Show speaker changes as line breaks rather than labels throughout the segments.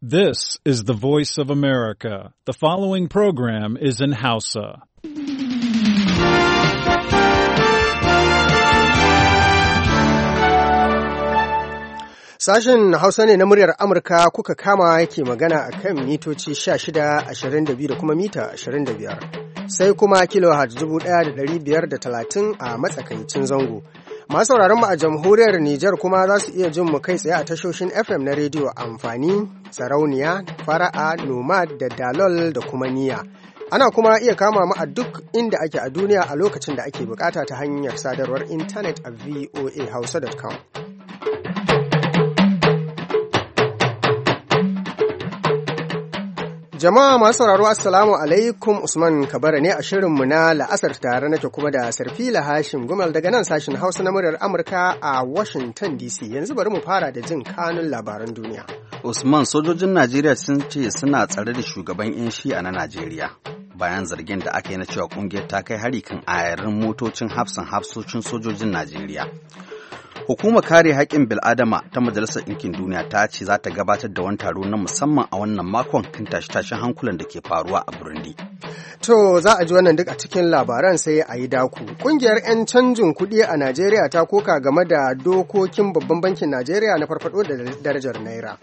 This is the voice of America. The following program is in Hausa.
Sashen Hausa ne na muryar Amurka kuka kama yake magana a kan mitoci 16, 22 da kuma mita 25, sai kuma kilohertz 1530 a matsakaicin zango. Masu sauraron mu a jamhuriyar Nijar kuma za su iya jin mu kai tsaye a tashoshin FM na rediyo amfani, sarauniya, fara'a, nomad da dalol da kuma niya. Ana kuma iya kama mu a duk inda ake a duniya a lokacin da ake bukata ta hanyar sadarwar intanet a voahausa.com. Jama'a masu sauraro Assalamu alaikum Usman Kabara ne a shirinmu na la'asar tare na ke kuma da Sarfila Hashim Gumal daga nan sashin Hausa na muryar Amurka a Washington DC. Yanzu bari mu fara da jin kanun labaran duniya.
Usman sojojin Najeriya sun ce suna tsare da shugaban 'yan shi'a na Najeriya. Bayan zargin da aka yi na cewa kungiyar ta kai hari kan ayarin motocin hafsan hafsocin sojojin Najeriya. Hukumar kare haƙƙin bil'adama ta Majalisar Ɗinkin Duniya ta ce za ta gabatar da wani taro na musamman a wannan makon kan tashe-tashen hankulan da ke faruwa a Burundi.
To za a ji wannan duk a cikin labaran sai a yi daku. Ƙungiyar 'yan canjin kuɗi a Najeriya ta koka game da dokokin babban bankin Najeriya na farfaɗo da darajar Naira.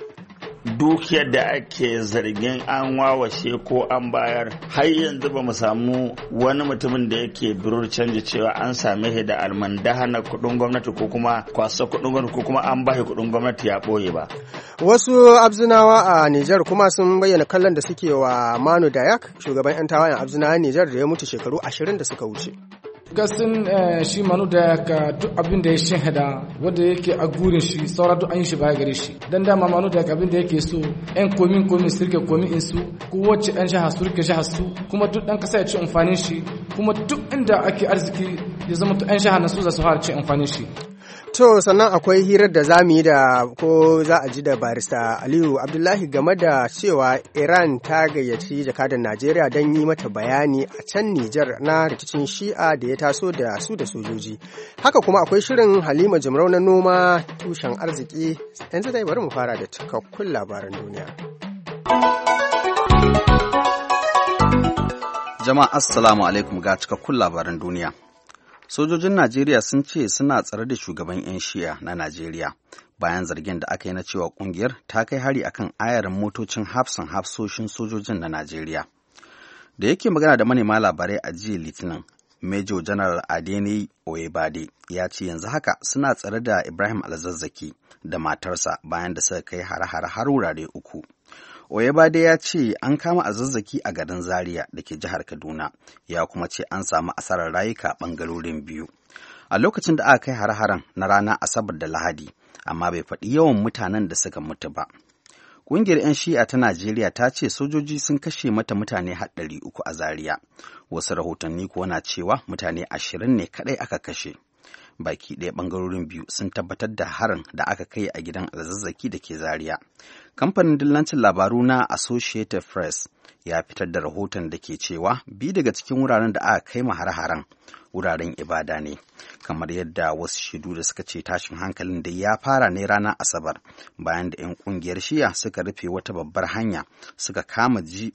dukiyar da ake zargin an wawashe ko an bayar har yanzu ba mu samu wani mutumin da yake birur canji cewa an same shi da almandahana kuɗin gwamnati ko kuma kwaso kuɗin gwamnati ko kuma an bashi kuɗin gwamnati ya ɓoye ba.
Wasu abzinawa a Nijar kuma sun bayyana kallon da suke wa Manu Dayak shugaban 'yan tawayen abzinawa Nijar da ya mutu shekaru ashirin da suka wuce.
kasin eh, shi manu da ka duk abin da ya hada wanda yake a gurin shi saura duk an yi shi baya gare shi dan dama manu da abin da yake so yan komin komin sirke komin in su ko wacce dan shaha rike shaha su kuma duk dan kasa ya ci amfanin shi kuma duk inda ake arziki ya zama to yan shaha na su za su fara ci amfanin shi
To sannan akwai hirar da za mu yi da ko za a ji da barista Aliyu Abdullahi game da cewa Iran ta gayyaci jakadan Najeriya don yi mata bayani a can Nijar na rikicin shi'a da ya taso da su da sojoji. Haka kuma akwai shirin Halima Jimrau na noma tushen arziki yanzu dai bari mu fara da cikakkun labaran duniya. Jama'a
Assalamu alaikum ga cikakkun labaran duniya. Sojojin Najeriya sun ce suna tsare da shugaban 'yan shiya na Najeriya bayan zargin da aka yi na cewa kungiyar ta kai hari akan ayarin motocin hafsan hafsoshin sojojin na Najeriya. Da yake magana da manema labarai a jiya Litinin, Major General Adeni Oyebade ya ce yanzu haka suna tsare da Ibrahim Alzazzaki da matarsa bayan da suka kai hare-hare har wurare uku. Oyebade ya ce an kama azazzaki a garin Zaria da ke jihar Kaduna, ya kuma ce an samu asarar rayuka ɓangarorin biyu. A lokacin da aka kai har-haren na ranar Asabar da Lahadi, amma bai faɗi yawan mutanen da suka mutu ba. Ƙungiyar 'yan shi'a ta Najeriya ta ce sojoji sun kashe mata mutane haɗari uku a Zaria. Wasu rahotanni kuwa na cewa mutane ashirin ne kaɗai aka kashe. baki ɗaya bangarorin biyu sun tabbatar da harin da aka kai a gidan alzazzaki da ke zaria kamfanin dillancin labaru na associated press ya fitar da rahoton da ke cewa bi daga cikin wuraren da aka kai hare-haren wuraren ibada ne kamar yadda wasu shaidu da suka ce tashin hankalin da ya fara ne ranar asabar bayan da 'yan kungiyar shiya suka rufe wata babbar hanya suka kama ji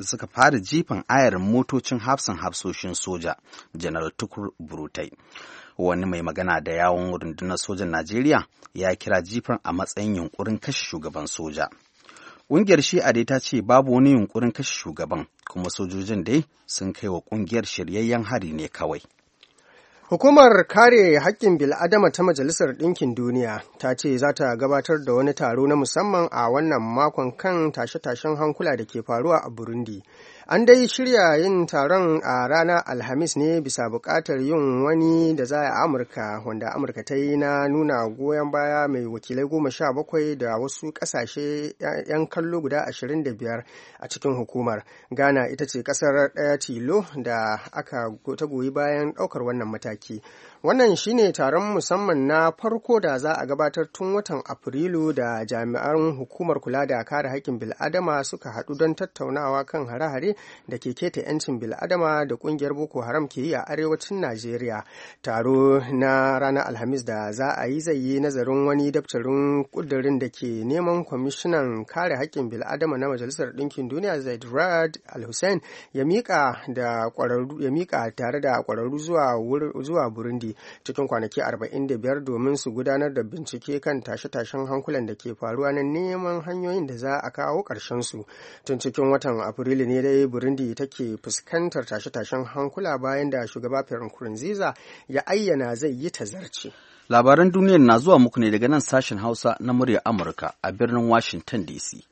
suka fara jifan ayarin motocin hafsan hafsoshin soja janar tukur burutai wani mai magana da yawon rundunar sojan najeriya ya kira jifan a matsayin yunkurin kashe shugaban soja ƙungiyar shi'a dai ta ce babu wani yunkurin kashe shugaban kuma sojojin dai sun kai wa ƙungiyar shiryayyen hari ne kawai
Hukumar kare haƙƙin bil'adama ta Majalisar Ɗinkin Duniya ta ce za ta gabatar da wani taro na musamman a wannan makon kan tashe-tashen hankula da ke faruwa a Burundi An dai shirya yin taron a ranar Alhamis ne bisa bukatar yin wani da za a Amurka wanda Amurka ta yi na nuna goyon baya mai wakilai goma sha bakwai da wasu kasashe 'yan kallo guda ashirin da biyar a cikin hukumar. Ghana ita ce kasar ɗaya tilo da aka ta goyi bayan ɗaukar wannan mataki. Wannan shine taron musamman na farko da za a gabatar tun watan Afrilu da jami'an hukumar kula da kare haƙƙin bil'adama suka haɗu don tattaunawa kan hare-hare da ke keta 'yancin bil'adama da ƙungiyar Boko Haram ke yi a arewacin Najeriya. Taro na ranar Alhamis da za a yi zai yi nazarin wani daftarin ƙudurin da ke neman kwamishinan kare haƙƙin bil'adama na Majalisar Ɗinkin Duniya Zaid Rad al ya miƙa tare da ƙwararru zuwa Burundi cikin kwanaki 45 domin su gudanar da bincike kan tashe-tashen hankulan da ke faruwa na neman hanyoyin da za a kawo su Tun cikin watan Afrilu ne dai Burundi take fuskantar tashe-tashen hankula bayan da shugaba Pierre Nkurunziza ya ayyana zai yi ta tazarci.
Labaran duniyar na zuwa muku ne daga nan sashen Hausa na murya Amurka a birnin Washington DC.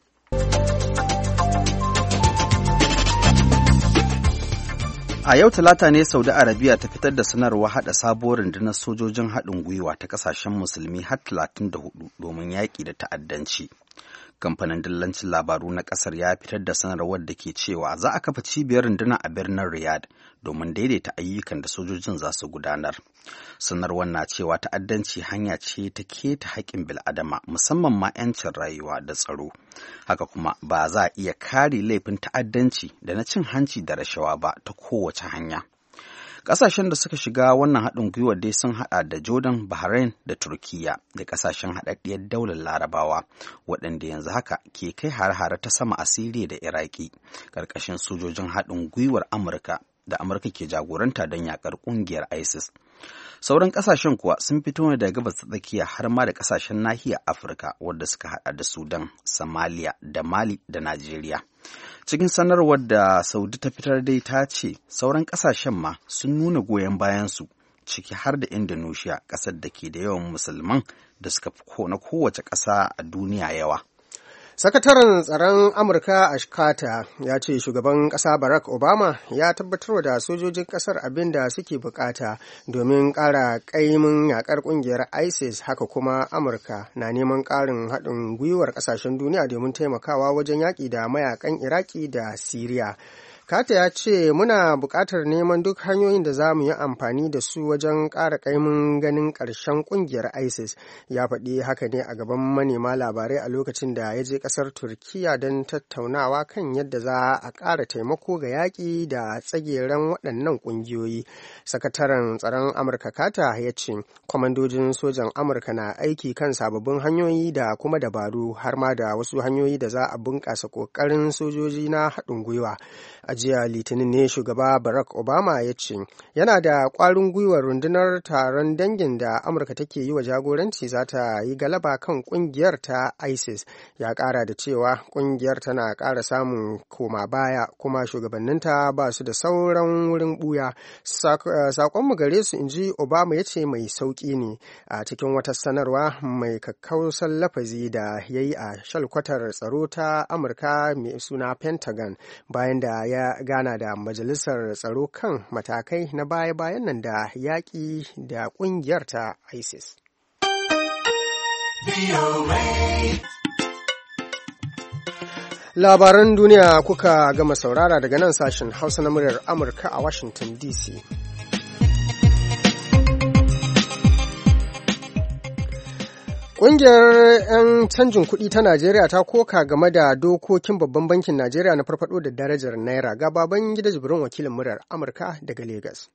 A yau Talata ne Saudi Arabiya ta fitar da sanarwa haɗa sabuwar rundunar sojojin haɗin gwiwa ta ƙasashen musulmi har 34 domin yaƙi da ta'addanci. kamfanin dillancin labaru na kasar ya fitar da sanarwar da ke cewa za a kafa cibiyar runduna a birnin riyadh domin daidaita ayyukan da sojojin za su gudanar sanarwar na cewa ta'addanci hanya ce ta keta haƙƙin bil'adama musamman ma 'yancin rayuwa da tsaro haka kuma ba za a iya kare laifin ta'addanci da na cin hanci da rashawa ba ta kowace hanya Ƙasashen da suka shiga wannan haɗin gwiwar dai sun haɗa da Jordan, Bahrain da Turkiyya da ƙasashen haɗaɗɗiyar daular Larabawa, waɗanda yanzu haka ke kai hare-hare ta sama a Siriya da Iraki, ƙarƙashin sojojin haɗin gwiwar Amurka da Amurka ke jagoranta don yaƙar ƙungiyar ISIS. Sauran ƙasashen kuwa sun fito ne daga gabas ta tsakiya har ma da ƙasashen nahiyar Afirka wadda suka haɗa da Sudan, Somalia da Mali da Najeriya. cikin sanarwar da saudi ta fitar dai ta ce sauran kasashen ma sun nuna goyon bayansu ciki har da indonesia ƙasar da ke da yawan musulman da suka fi na kowace ƙasa a duniya yawa
Sakataren tsaron Amurka a shikata ya ce shugaban kasa Barack Obama ya tabbatar da sojojin kasar abin da suke bukata domin kara kaimin yakar kungiyar ISIS haka kuma Amurka na neman karin haɗin gwiwar kasashen duniya domin taimakawa wajen yaƙi da mayakan Iraki da Siriya. Kata ya ce muna buƙatar neman duk hanyoyin da za mu yi amfani da su wajen ƙara ƙaimin ganin ƙarshen ƙungiyar ISIS. Ya faɗi haka ne a gaban manema labarai a lokacin da ya je ƙasar Turkiya don tattaunawa kan yadda za a ƙara taimako ga yaƙi da tsageren waɗannan ƙungiyoyi. Sakataren tsaron Amurka Kata ya ce kwamandojin sojan Amurka na aiki kan sababbin hanyoyi da kuma dabaru har ma da wasu hanyoyi da za a bunƙasa ƙoƙarin sojoji na haɗin gwiwa. jiya litinin ne shugaba barack obama ya ce yana da kwarin gwiwar rundunar taron dangin da amurka take yi wa jagoranci za ta yi galaba kan kungiyar ta isis ya kara da cewa kungiyar tana kara samun koma baya kuma shugabanninta ba su da sauran wurin buya eh, mu gare su in ji obama ya ce mai sauki ne a cikin wata sanarwa mai kakkausan lafazi da ya yi a shalkwatar tsaro ta amurka mai suna pentagon bayan da ya gana da majalisar tsaro kan matakai na baya-bayan nan da yaƙi da ƙungiyar ta isis labaran duniya kuka gama saurara daga nan sashen hausa na muryar amurka a washington dc Ƙungiyar 'yan canjin kuɗi ta Najeriya ta koka game da dokokin babban bankin Najeriya na farfaɗo da darajar Naira ga baban gida jibirin wakilin murar Amurka daga Legas.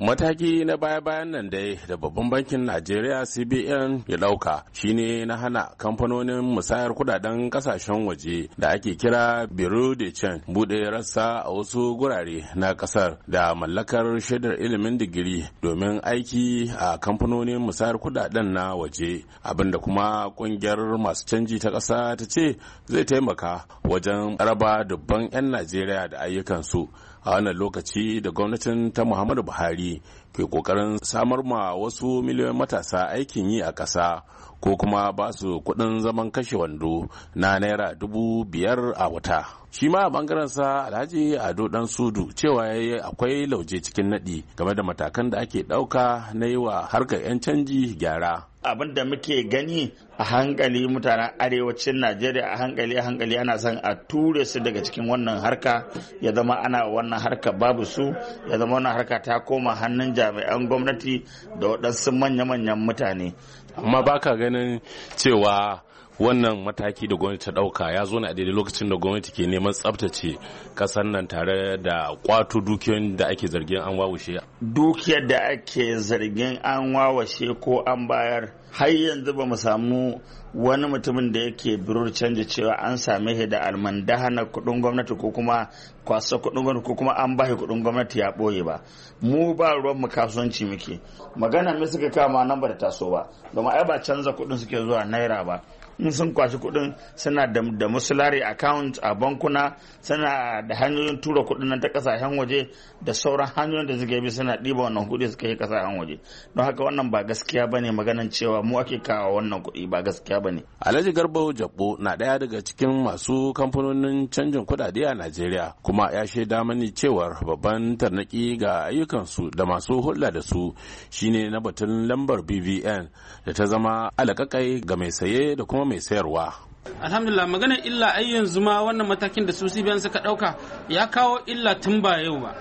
mataki na baya-bayan nan dai da babban bankin najeriya cbn ya dauka shine na hana kamfanonin musayar kudaden kasashen waje da ake kira Biro de Chen bude rassa a wasu gurare na ƙasar da mallakar shaidar ilimin digiri domin aiki a kamfanonin musayar kudaden na waje abinda kuma ƙungiyar masu canji ta ƙasa ta ce zai taimaka wajen raba dubban 'yan najeriya da ayyukansu a wannan lokaci da gwamnatin ta muhammadu buhari ke kokarin samar ma wasu miliyoyin matasa aikin yi a ƙasa ko kuma ba su kuɗin zaman kashe wando na naira dubu biyar a wata shi ma a bangaren sa alhaji ado dan sudu cewa yayi akwai lauje cikin naɗi game da matakan da ake ɗauka na yi wa harkar 'yan canji
gyara abin da muke gani a hankali mutanen arewacin najeriya a hankali a hankali ana son a ture su daga cikin wannan harka ya zama ana wannan harka babu su ya zama wannan harka ta koma hannun jami'an gwamnati da waɗansu manya-manyan mutane
amma baka ganin cewa wannan mataki da gwamnati ta dauka ya zo ne a daidai lokacin da gwamnati ke neman tsabtace kasar nan tare da kwato dukiyoyin da ake zargin an wawashe
dukiyar da ake zargin an wawashe ko an bayar har yanzu ba mu samu wani mutumin da yake birur canja cewa an sami shi da almandahana kudin gwamnati ko kuma kwasa kudin gwamnati ko kuma an bashi kudin gwamnati ya boye ba mu ba ruwan mu kasuwanci muke magana me suka kama nan ba da taso ba domin ai ba canza kudin suke zuwa naira ba in sun kwashi kuɗin suna da musulari account a bankuna suna da hanyoyin tura kuɗin nan ta kasashen waje da sauran hanyoyin da suke bi suna ɗiba wannan kuɗi suka yi kasashen waje don haka wannan ba gaskiya ba ne maganan cewa mu ake kawo wannan kuɗi ba
gaskiya ba ne. alhaji garba jabbo na ɗaya daga cikin masu kamfanonin canjin kuɗaɗe a najeriya kuma ya shaida mani cewar babban tarnaki ga ayyukansu da masu hulɗa da su shine na batun lambar bvn da ta zama alakakai ga mai saye da kuma mai sayarwa alhamdulillah magana illa ai yanzu ma wannan matakin da su cbn suka dauka ya kawo illa tun ba yau ba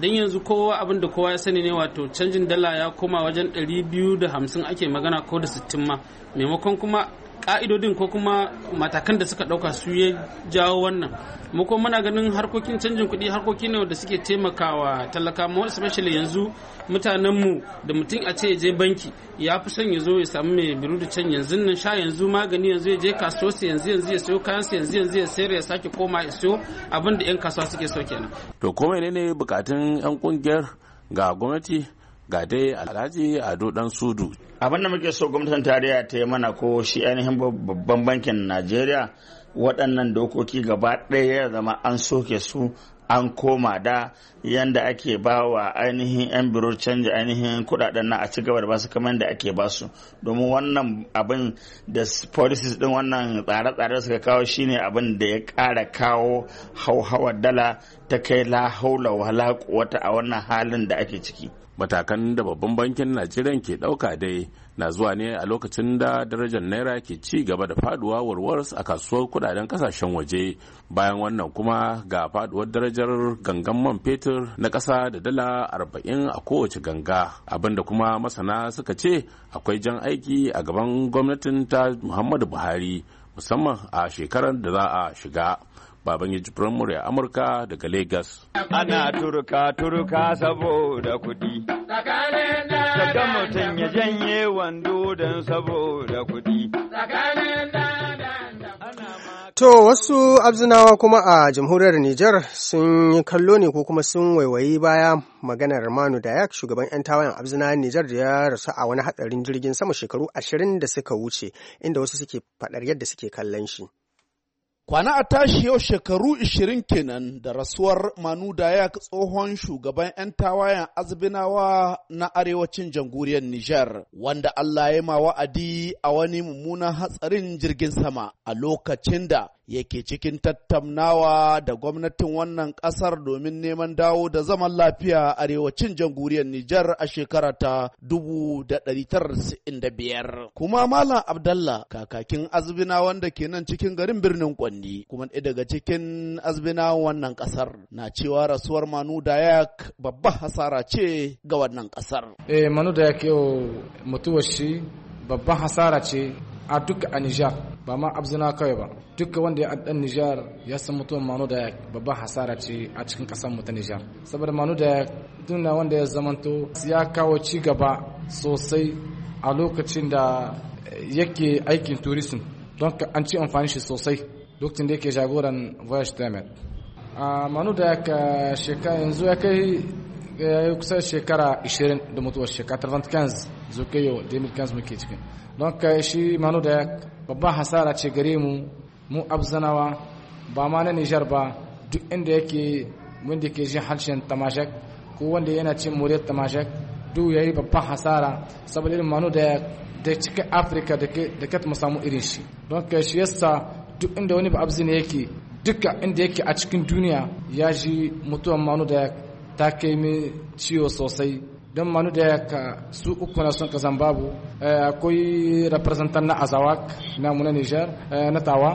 don yanzu kowa abin da kowa ya sani ne wato canjin dala ya koma wajen 250 ake magana ko da 60 ma maimakon kuma ka'idodin ko kuma matakan da suka ɗauka su ya jawo wannan mu kuma muna ganin harkokin canjin kuɗi harkoki ne da suke taimakawa talaka mu especially yanzu mutanen da mutum a ce ya je banki ya fi son ya zo ya samu mai biru da can yanzu nan sha yanzu magani yanzu ya je kasuwa yanzu yanzu ya sayo kayan yanzu yanzu ya sayar ya sake koma ya sayo abin yan kasuwa suke sauke. kenan to ko ne bukatun yan kungiyar ga gwamnati ga dai alhaji ado dan sudu abinda
muke so gwamnatin tarayya ta yi mana ko shi ainihin babban bankin najeriya waɗannan dokoki gaba ɗaya ya zama an soke su an koma da yanda ake ba wa ainihin 'yan biro canji ainihin kudaden na a ci gaba da basu kamar da ake ba su domin wannan abin da policies din wannan tsare-tsare suka kawo shine abin da ya kara kawo hauhawar dala ta kai la haula wala a
wannan halin da ake ciki matakan da babban bankin najeriya ke ɗauka dai na zuwa ne a lokacin da darajar naira ke ci gaba da faduwa warwars a kasuwar kudaden kasashen waje bayan wannan kuma ga faduwar darajar gangan man fetur na kasa da dala arba'in a kowace ganga abinda kuma masana suka ce akwai jan aiki a gaban gwamnatin ta muhammadu buhari musamman a shekarar da za a shiga baban yaji firamare a amurka daga lagos ana turka turka saboda kuɗi daga mutum ya janye wando
don saboda kuɗi
To wasu abzinawa kuma a jamhuriyar Nijar sun yi kallo ne ko kuma sun waiwayi baya maganar Manu Dayak shugaban 'yan tawayen abzinawa Nijar da ya rasu a wani hatsarin jirgin sama shekaru ashirin da suka wuce inda wasu suke faɗar yadda suke kallon shi.
Kwana a tashi yau shekaru ishirin kenan da rasuwar Manu Dayak tsohon shugaban 'yan tawayen azbinawa na arewacin janguriyar Nijar, wanda Allah ya ma wa'adi a wani mummunan hatsarin jirgin sama a lokacin da yake cikin tattaunawa da gwamnatin wannan ƙasar domin neman dawo da zaman lafiya a arewacin janguriyar Nijar a shekara ta 1995. Kuma Malam Abdallah kakakin azbina wanda ke nan cikin garin birnin Fulani kuma ɗaya daga cikin azbina wannan ƙasar na cewa rasuwar Manu Dayak babban hasara ce ga wannan ƙasar.
Eh Manu Dayak yau mutuwar shi babban hasara ce a duka a Nijar ba ma abzina kawai ba duka wanda ya addan Nijar ya san mutuwar Manu da babban hasara ce a cikin ƙasar mu ta Nijar saboda Manu da duna wanda ya zamanto ya kawo ci gaba sosai a lokacin da eh, yake aikin tourism don an ci amfani shi sosai lokacin da yake jagoran voyage temet a manu da yaka shekara yanzu ya kai ya yi kusan shekara 20 da mutuwar shekara tarvant kanz kai yau 2015 muke cikin don ka shi manu da babban hasara ce gare mu mu abzanawa ba ma na nijar ba duk inda yake wanda ke jin harshen tamashek ko wanda yana cin muryar tamashek duk ya yi babban hasara saboda irin manu da da cikin afirka da ke mu samu irin shi don ka shi yasa duk inda wani ba ne yake duka inda yake a cikin duniya ya ji mutuwan manu da ta kai min ciwo sosai don manu da ka su uku na sun ka babu eh, akwai representant na azawak na muna nijar eh, na tawa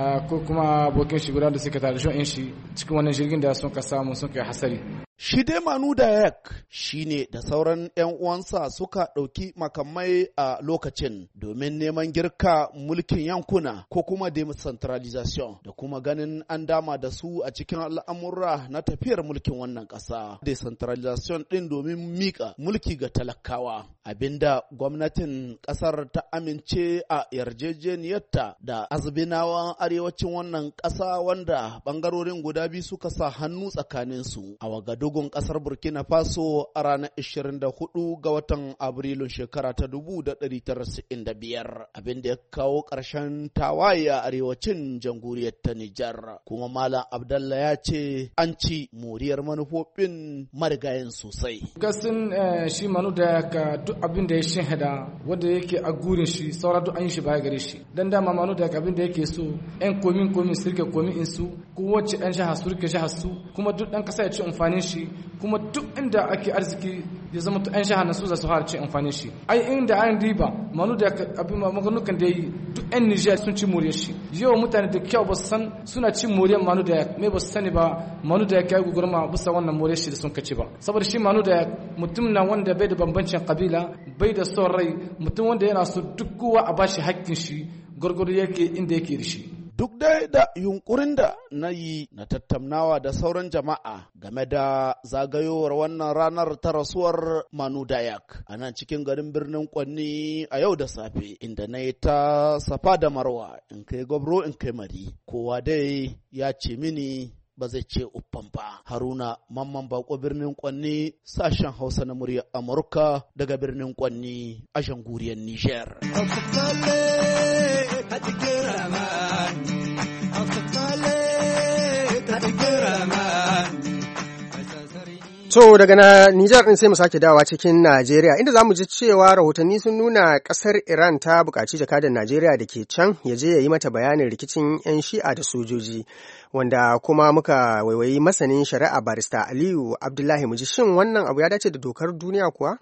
eh, ko kuma abokin shi guda da suka tare shi cikin wannan jirgin da sun ka samu sun kai hasari. Shi dai
Manu Dayak shi ne da sauran 'yan uwansa suka ɗauki makamai a lokacin domin neman girka mulkin yankuna ko kuma decentralization da kuma ganin an dama da su a cikin al'amura na tafiyar mulkin wannan ƙasa. Decentralization ɗin domin miƙa mulki ga talakawa abinda gwamnatin ƙasar ta amince a yarjejeniyarta da azbinawa arewacin wannan ƙasa wanda bangarorin guda guda biyu suka sa hannu tsakaninsu a wagadugun kasar Burkina Faso a ranar 24 ga watan Abrilun shekara ta 1995 abin da ya kawo ƙarshen tawaye a arewacin jamhuriyar ta Nijar. Kuma Malam Abdalla ya ce an ci moriyar manufofin
marigayen sosai. Gasin eh, shi manu da ka duk abin da ya shahada wanda yake a gurin shi saura duk an yi shi baya gare shi. Dan dama manu da abin da yake so 'yan komin komin sirke komin insu kowace ɗan shaha su rike shaha su kuma duk ɗan ƙasa ya ci amfanin shi kuma duk inda ake arziki ya zama ɗan shaha na su za su fara ci amfanin shi ai inda an riba manu da abin maganukan da yi duk ɗan nijiyar sun ci moriyar shi yau mutane da kyau ba su san suna cin moriyar manu da mai ba su sani ba manu da ya gugurma bisa wannan moriyar shi da sun kaci ba saboda shi manu da mutum na wanda bai da bambancin kabila bai da son rai mutum wanda yana so duk kowa a bashi hakkin shi gwargwado yake inda yake da shi duk dai da yunkurin da
na yi na tattaunawa da sauran jama'a game da zagayowar wannan ranar ta rasuwar Manu Dayak a nan cikin garin birnin Kwanni a yau da safe inda na yi ta safa da marwa in kai gwabro in kai mari kowa dai ya ce mini ba zai ce uffan ba. Haruna Mamman Bako birnin Kwanni sashen Hausa na murya Amurka daga birnin Kwanni a shanguriyar Nijar.
a
To daga na Nijar ɗin sai mu sake dawa cikin Najeriya inda za mu ji cewa rahotanni sun nuna ƙasar Iran ta buƙaci jakadan Najeriya da ke can ya je ya yi mata bayanin rikicin 'yan shi'a da sojoji wanda kuma muka waiwayi masanin shari'a barista Aliyu Abdullahi mu ji shin wannan abu ya dace da dokar duniya kuwa?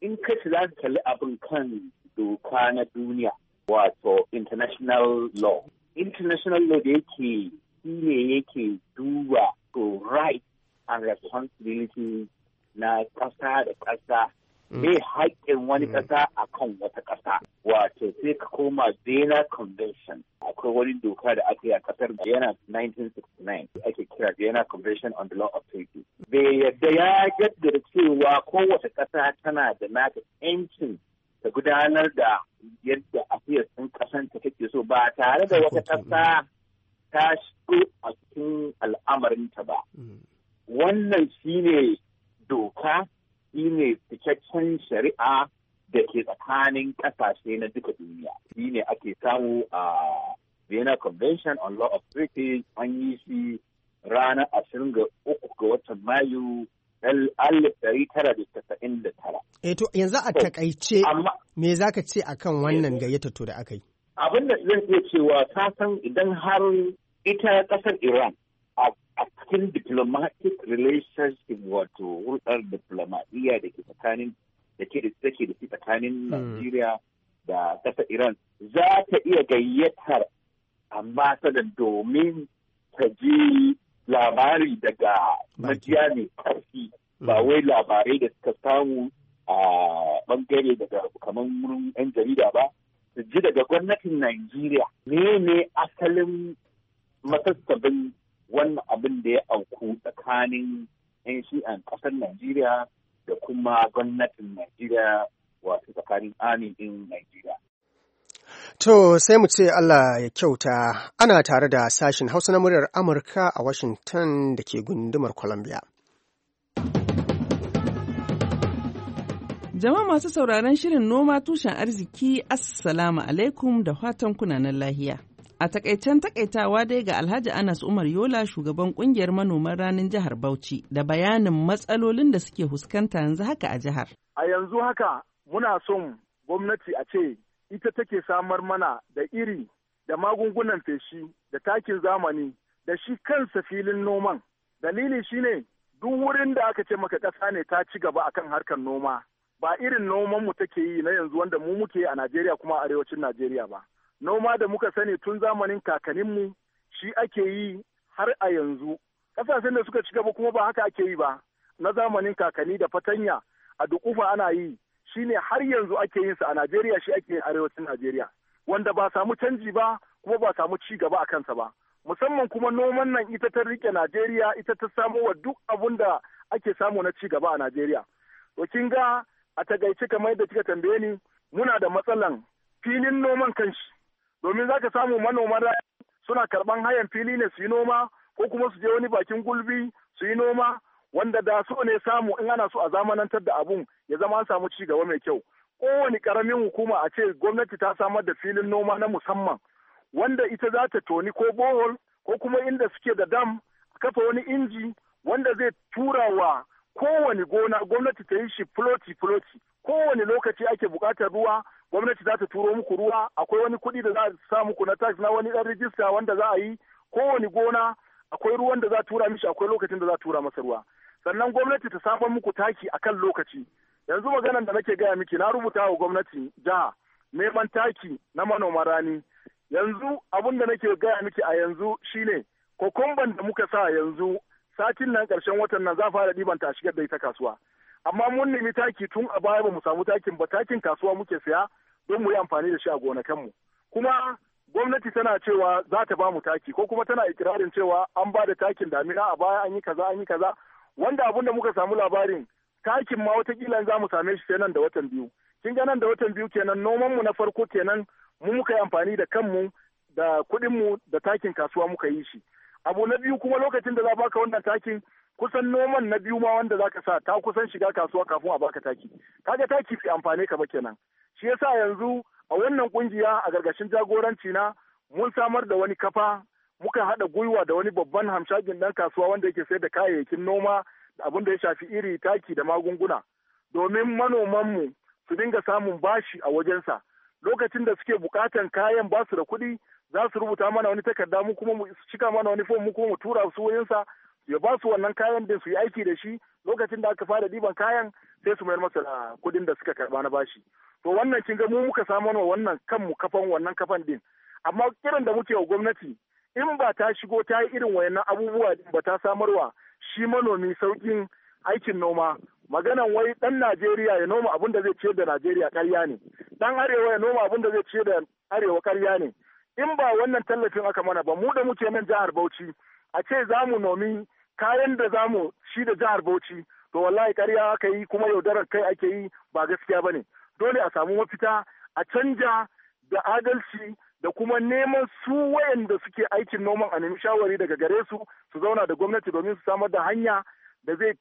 In kace za ka kalli abin kan doka na duniya wato international law. International law da yake shi ne yake duba to right and responsibility na ƙasa da ƙasa. Me mm. haƙƙin wani mm. ƙasa a kan wata ƙasa. Wato sai ka koma Zena Convention. Akwai wani doka da aka yi a ƙasar Vienna 1969 ake kira Vienna Convention on the Law of Turkey. Bai yadda ya jaddada cewa kowace ƙasa tana da nata 'yancin ta gudanar da yadda afiyar sun kasance take so ba tare da wata ƙasa ta shigo a cikin al'amarinta ba. Hmm. Wannan shi ne doka shi ne cikakken shari'a da ke tsakanin ƙasashe na duka duniya. shi ne ake samu a Vienna Convention on Law of Treaties an yi shi ranar ashirin ga uku watan Mayu alif ɗari tara da da tara.
Eh to yanzu a takaice me za ka ce akan eh, wannan eh. gayyata to da aka yi?
Abin da zan iya cewa ta san idan har ita kasar Iran a cikin diplomatic relationship wato hulɗar diplomatiya da ke tsakanin da ke da take da ke tsakanin hmm. Najeriya da kasar Iran za ta iya gayyatar amma ambasada domin ta ji labari daga majiya mai ƙarfi ba hmm. wai labarai da suka samu a bangare daga kamar wurin 'yan jarida ba su ji daga gwamnatin Najeriya ne ne asalin masassabin wannan abin da ya auku tsakanin 'yan shi'an ƙasar Najeriya da kuma gwamnatin Najeriya wasu tsakanin amin Najeriya.
To sai mu ce Allah ya kyauta ana tare da sashin Hausa na muryar Amurka a Washington da ke gundumar Columbia.
Jama'a masu sauraron shirin noma tushen arziki Assalamu alaikum da fatan kunanan lahiya. A takaicen takaitawa dai ga Alhaji Anas Umar Yola shugaban kungiyar manoman ranar jihar Bauchi da bayanin matsalolin da suke fuskanta yanzu haka a jihar.
A yanzu haka muna son gwamnati a ce ita take samar mana da iri da magungunan feshi da takin zamani da shi kansa filin noman. Dalili shine duk wurin da aka ce maka ƙasa ne ta ci gaba akan harkar noma. ba irin noman mu take yi na yanzu wanda mu muke a Najeriya kuma arewacin Najeriya ba. Noma da muka sani tun zamanin kakanninmu shi ake yi har a yanzu. Ƙasashen da suka ci gaba kuma ba haka ake yi ba. Na zamanin kakanni da fatanya a dukufa ana yi shi ne har yanzu ake yin su a Najeriya shi ake yin arewacin Najeriya. Wanda ba samu canji ba kuma ba samu ci gaba a kansa ba. Musamman kuma noman nan ita ta rike Najeriya ita ta samo wa duk abun da ake samu na ci gaba a Najeriya. To kin ga a tagaice kamar yadda kika tambaye ni muna da matsalan filin noman kanshi domin za ka samu manoman rani suna karban hayan fili ne su yi noma ko kuma su je wani bakin gulbi su yi noma wanda da so ne samu in ana so a zamanantar da abun ya zama an samu ci gaba mai kyau kowane karamin hukuma a ce gwamnati ta samar da filin noma na musamman wanda ita za ta toni ko bohol ko kuma inda suke da dam kafa wani inji wanda zai tura wa kowane gona gwamnati ta yi shi floti floti kowane lokaci ake buƙatar ruwa gwamnati za ta turo muku ruwa akwai wani kuɗi da za a sa muku na tax na wani ɗan rijista wanda za a yi kowane gona akwai ruwan da za a tura mishi akwai lokacin da za a tura masa ruwa sannan gwamnati ta safa muku taki akan lokaci yanzu maganan da nake gaya miki na rubuta wa gwamnati jiha neman taki na manoma rani yanzu abin da nake gaya miki a yanzu shine kokumban da muka sa yanzu satin nan ƙarshen watan nan za fara ɗiban ta shigar da ita kasuwa amma mun nemi taki tun a baya ba mu samu takin ba takin kasuwa muke saya don mu yi amfani da shi a gonakanmu kuma gwamnati tana cewa za ta ba mu taki ko kuma tana ikirarin cewa an ba da takin damina a baya an yi kaza an yi kaza wanda abun da muka samu labarin takin ma watakila za mu same shi sai nan da watan biyu kin ga nan da watan biyu kenan noman mu na farko kenan mu muka yi amfani da kanmu da kuɗin da takin kasuwa muka yi shi abu na biyu kuma lokacin da za a baka wannan takin kusan noman na biyu ma wanda za ka sa ta kusan shiga kasuwa kafin a baka taki kaga taki fi amfane ka ba kenan shi yasa yanzu a wannan kungiya a gargashin jagoranci na mun samar da wani kafa muka haɗa gwiwa da wani babban hamshagin ɗan kasuwa wanda yake sayar da kayayyakin noma abin da ya shafi iri taki da magunguna domin manomanmu su dinga samun bashi a wajensa lokacin da suke bukatan kayan basu da kuɗi za su rubuta mana wani takarda mu kuma mu cika mana wani fom mu kuma mu tura su wayansa ya ba su wannan kayan da su yi aiki da shi lokacin da aka fara diban kayan sai su mayar masa kudin da suka karba na bashi to wannan kin ga mu muka samu wannan kanmu kafan wannan kafan din amma kiran da muke wa gwamnati in ba ta shigo ta yi irin wayannan abubuwa ba ta samarwa shi manomi saukin aikin noma maganan wai dan Najeriya ya noma abin da zai ciyar da Najeriya ƙarya ne dan arewa ya noma abin da zai ciyar da arewa karya ne in ba wannan tallafin aka mana ba mu da muke nan jihar Bauchi a ce za mu nomi kayan da za mu shi da jihar Bauchi to wallahi ƙarya aka yi kuma yaudarar kai ake yi ba gaskiya bane dole a samu mafita a canja da adalci da kuma neman su wayanda suke aikin noman a nemi shawari daga gare su su zauna da gwamnati domin su samar da hanya da zai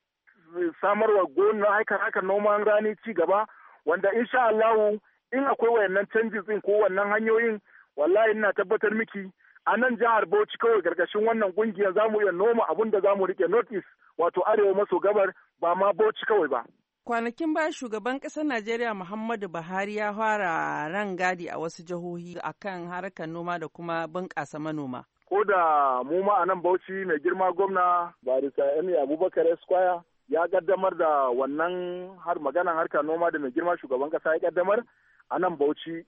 samarwa wa gona aikar haka noman rani ci gaba wanda insha Allahu in akwai wayannan canji din ko wannan hanyoyin wallahi ina tabbatar miki a nan jihar Bauchi kawai gargashin wannan kungiyar za mu iya noma abun da za mu rike North East wato arewa maso gabar ba ma Bauchi kawai ba.
Kwanakin baya shugaban ƙasar Najeriya Muhammadu Buhari ya fara ran gadi a wasu jihohi akan harkar noma da kuma bunƙasa manoma.
Ko da mu ma a nan Bauchi mai girma gwamna Barisa Emi Abubakar Esquire ya kaddamar da wannan har maganan harkar noma da mai girma shugaban ƙasa ya kaddamar a nan Bauchi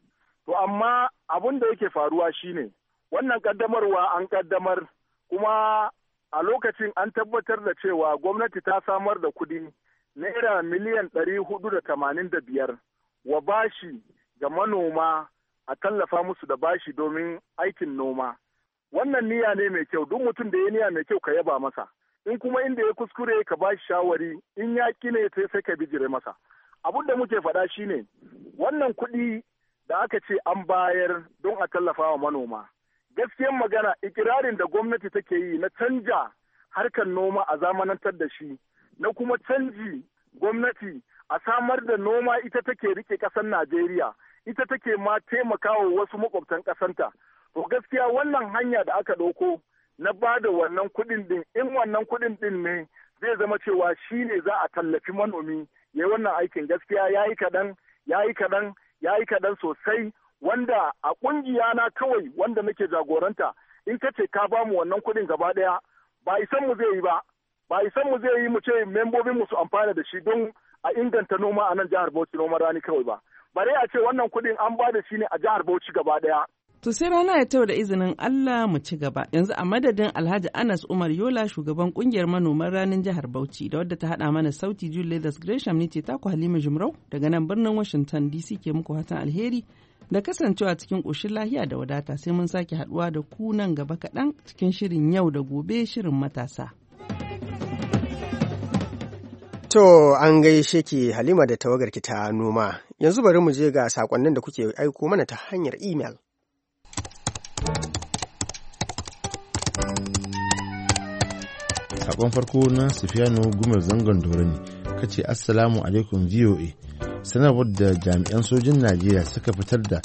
To amma abin da yake faruwa shine wannan kaddamarwa an kaddamar kuma a lokacin an tabbatar da cewa gwamnati ta samar da kuɗi naira miliyan ɗari hudu da tamanin da biyar wa bashi ga manoma a tallafa musu da bashi domin aikin noma. Wannan niyya ne mai kyau duk mutum da ya niyya mai kyau ka yaba masa. In kuma inda ya kuskure ka ba shi shawari in ya ne sai ka bijire masa. abun da muke faɗa shine wannan kuɗi da aka ce an bayar don a tallafa wa manoma. Gaskiyar magana ikirarin da gwamnati take yi na canja harkar noma a zamanantar da shi, na kuma canji gwamnati a samar da noma ita take rike ƙasar Najeriya, ita take ma taimakawa wasu makwabtan ƙasanta. To gaskiya wannan hanya da aka ɗauko na ba da wannan kuɗin ɗin, in wannan kuɗin ɗin ne zai zama cewa shi ne za a tallafi manomi ya yi wannan aikin gaskiya ya yi kaɗan, ya yi kaɗan, ya yi kaɗan sosai wanda a ƙungiya na kawai wanda nake jagoranta in ka ce ka ba mu wannan kuɗin gaba ɗaya ba isan mu zai yi ba ba isan mu zai yi mu ce membobin mu su amfana da shi don a inganta noma a nan jihar Bauchi noma rani kawai ba bare a ce wannan kuɗin an ba da shi ne a jihar Bauchi gaba ɗaya
To sai rana ya tau da izinin Allah mu ci gaba. Yanzu a madadin Alhaji Anas Umar Yola shugaban kungiyar manoman ranar jihar Bauchi da wadda ta hada mana sauti Julius Gresham ne ce ta ku Halima Jumrau daga nan birnin Washington DC ke muku hatan alheri da kasancewa cikin ƙoshin lahiya da wadata sai mun sake haduwa da ku nan gaba kaɗan cikin shirin yau da gobe shirin matasa.
To an gaishe ki Halima da tawagar ki ta noma. Yanzu bari mu je ga sakonnin da kuke aiko mana ta hanyar imel.
sakon farko na sufiyanu gumar zangon doro ne ce assalamu alaikum voa sanarwar da jami'an sojin najeriya suka fitar da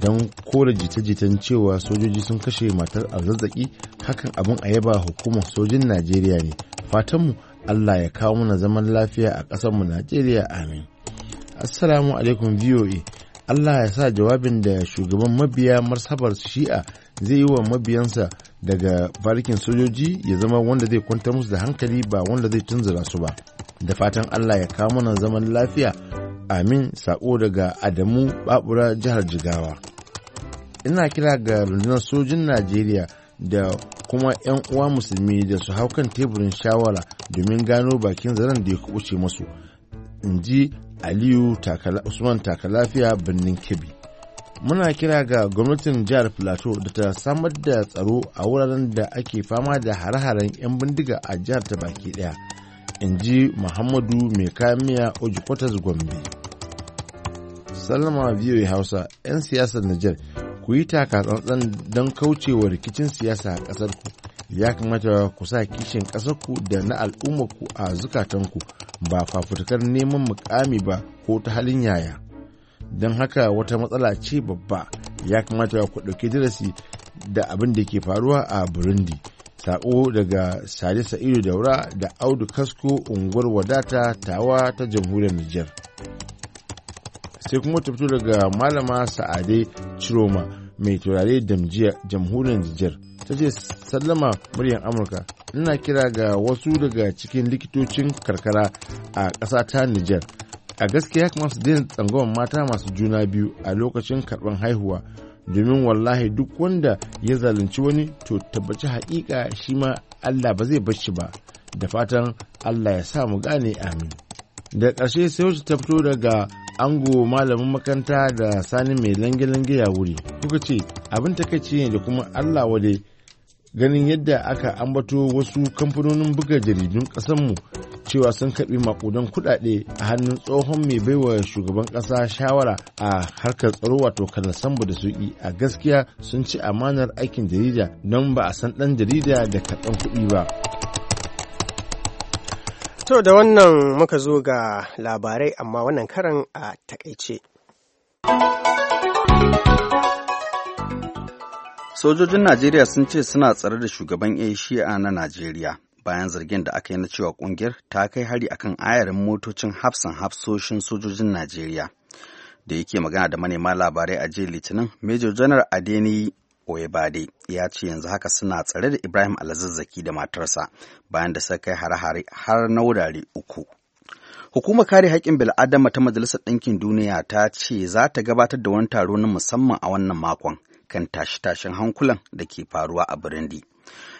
don kore jita-jitan cewa sojoji sun kashe matar arzazzaki hakan abin a yaba hukumar sojin najeriya ne fatanmu allah ya kawo mana zaman lafiya a ƙasarmu najeriya amin assalamu alaikum voa allah ya sa jawabin da shugaban mabiya marsabar shi'a zai yi wa mabiyansa daga barikin sojoji ya zama wanda zai kwantar musu da hankali ba wanda zai tunzura su ba da fatan allah ya kawo mana zaman lafiya amin sako daga adamu babura jihar jigawa ina kira ga rundunar sojin najeriya da kuma 'yan uwa musulmi da su hau kan teburin shawara domin gano bakin zaren da ya kuɓuce musu in ji aliyu usman takalafiya birnin kebbi muna kira ga gwamnatin jihar plateau da ta samar da tsaro a wuraren da ake fama da hare-haren 'yan bindiga a jihar ta baki daya in ji muhammadu mai kamiya miya gombe salama biyu hausa 'yan siyasar nijar ku yi taka tsantsan don kaucewa rikicin siyasa a ƙasar ku ya kamata ku sa kishin ƙasar ku da na al'ummar a zukatanku ba fafutukar neman mukami ba ko ta halin yaya don haka wata matsala ce babba ya kamata ku ɗauki darasi da abin da ke faruwa a burundi sako daga sade sa'idu daura da audu kasko unguwar wadata tawa ta jamhuriyar nijar sai kuma ta fito daga malama sa'ade Chiroma mai turare damjiya jamhuriyar nijar ta ce sallama muryar amurka ina kira ga wasu daga cikin likitocin karkara a ƙasa ta nijar a gaskiya kuma su daina tsangwamar mata masu juna biyu a lokacin karɓar haihuwa domin wallahi duk wanda ya zalunci wani to tabbaci haƙiƙa shi ma Allah ba zai bar shi ba da fatan Allah ya sa mu gane amin da ƙarshe sai wacce ta fito daga ango malamin makaranta da sani mai lange-lange ya wuri kuka ce abin takaici ne da kuma Allah wadai ganin yadda aka ambato wasu kamfanonin buga jaridun kasanmu cewa sun karɓi makudan kuɗaɗe a hannun tsohon mai baiwa shugaban ƙasa shawara a harkar tsaro wato kanar samba da suki a gaskiya sun ci amanar aikin jarida don ba a san ɗan jarida da kaɗan kuɗi ba.
To da wannan muka zo ga labarai amma wannan karan a takaice.
Sojojin Najeriya sun ce suna tsare da shugaban ya shi'a na Najeriya bayan zargin da aka yi na cewa kungiyar ta kai hari akan ayarin motocin hafsan hafsoshin sojojin Najeriya. Da yake magana da manema labarai a jiya Litinin, Major General Adeni Oyebade ya ce yanzu haka suna tsare da Ibrahim Alazazzaki da matarsa bayan da suka kai hare-hare har na wurare uku. Hukumar kare haƙƙin bil'adama ta Majalisar Ɗinkin Duniya ta ce za ta gabatar da wani taro na musamman a wannan makon kan tashe-tashen hankulan da ke faruwa a Burundi.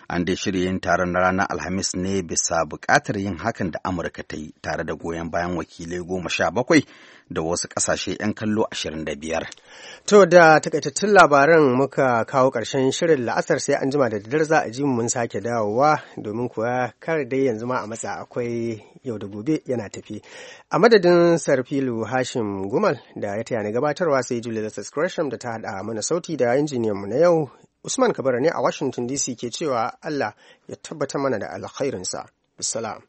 An dai shirya yin taron ranar Alhamis ne bisa buƙatar yin hakan da Amurka ta yi tare da goyon bayan wakilai goma sha bakwai da wasu ƙasashe 'yan kallo ashirin da biyar.
To da takaitattun labaran muka kawo ƙarshen shirin la'asar sai an jima da daddare za a ji mun sake dawowa domin kuwa kar dai yanzu ma a matsa akwai yau da gobe yana tafi. A madadin Sarfilu Hashim Gumal da ya taya ni gabatarwa sai Julia Gresham da ta haɗa mana sauti da injiniyanmu na yau Usman Kabara ne a Washington DC ke cewa Allah ya tabbata mana da alkhairinsa. Bisalam.